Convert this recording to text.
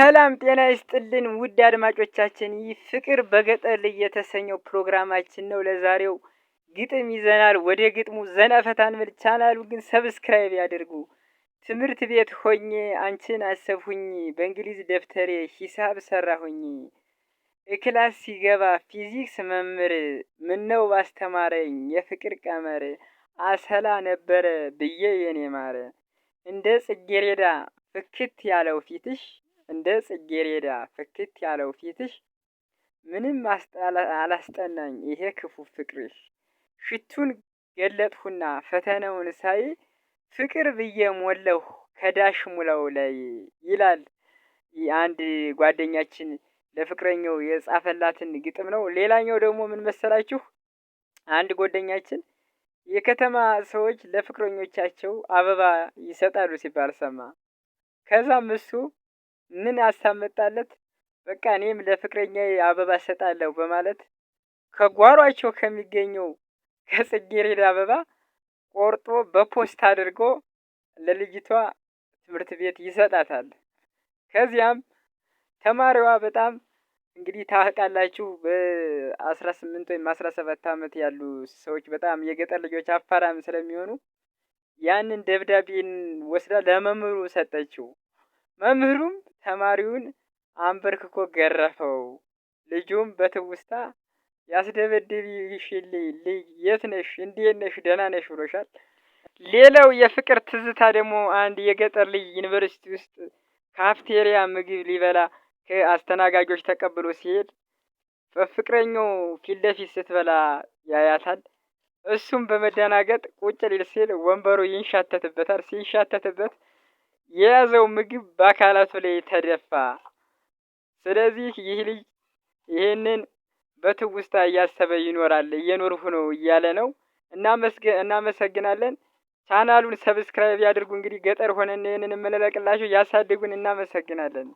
ሰላም ጤና ይስጥልን ውድ አድማጮቻችን፣ ይህ ፍቅር በገጠር ላይ የተሰኘው ፕሮግራማችን ነው። ለዛሬው ግጥም ይዘናል። ወደ ግጥሙ ዘና ፈታ ቻናሉ ግን ሰብስክራይብ ያድርጉ። ትምህርት ቤት ሆኜ አንቺን አሰብሁኝ፣ በእንግሊዝ ደብተሬ ሂሳብ ሰራሁኝ። እክላስ ሲገባ ፊዚክስ መምህር ምነው ባስተማረኝ የፍቅር ቀመር አሰላ ነበረ ብዬ የኔ ማረ እንደ ጽጌሬዳ ፍክት ያለው ፊትሽ እንደ ጽጌሬዳ ፍክት ያለው ፊትሽ ምንም አላስጠናኝ ይሄ ክፉ ፍቅርሽ። ሽቱን ገለጥሁና ፈተናውን ሳይ ፍቅር ብዬ ሞላሁ ከዳሽ ሙላው ላይ ይላል አንድ ጓደኛችን ለፍቅረኛው የጻፈላትን ግጥም ነው። ሌላኛው ደግሞ ምን መሰላችሁ? አንድ ጓደኛችን የከተማ ሰዎች ለፍቅረኞቻቸው አበባ ይሰጣሉ ሲባል ሰማ። ከዛም እሱ ምን አሳመጣለት? መጣለት? በቃ እኔም ለፍቅረኛ አበባ እሰጣለሁ በማለት ከጓሯቸው ከሚገኘው ከጽጌረዳ አበባ ቆርጦ በፖስት አድርጎ ለልጅቷ ትምህርት ቤት ይሰጣታል። ከዚያም ተማሪዋ በጣም እንግዲህ ታውቃላችሁ፣ በአስራ ስምንት ወይም አስራ ሰባት ዓመት ያሉ ሰዎች በጣም የገጠር ልጆች አፋራም ስለሚሆኑ ያንን ደብዳቤን ወስዳ ለመምህሩ ሰጠችው። መምህሩም ተማሪውን አንበርክኮ ገረፈው። ልጁም በትውስታ ያስደበድብሽልኝ ልጅ የት ነሽ? እንዴት ነሽ? ደህና ነሽ ብሎሻል። ሌላው የፍቅር ትዝታ ደግሞ አንድ የገጠር ልጅ ዩኒቨርሲቲ ውስጥ ካፍቴሪያ ምግብ ሊበላ ከአስተናጋጆች ተቀብሎ ሲሄድ በፍቅረኛው ፊት ለፊት ስትበላ ያያታል። እሱም በመደናገጥ ቁጭ ሊል ሲል ወንበሩ ይንሻተትበታል። ሲንሻተትበት የያዘው ምግብ በአካላቱ ላይ ተደፋ። ስለዚህ ይህ ልጅ ይህንን በትውስታ እያሰበ ይኖራል። እየኖርሁ ነው እያለ ነው። እናመሰግናለን። ቻናሉን ሰብስክራይብ ያድርጉ። እንግዲህ ገጠር ሆነን ይህንን የምንለቅላቸው ያሳድጉን። እናመሰግናለን።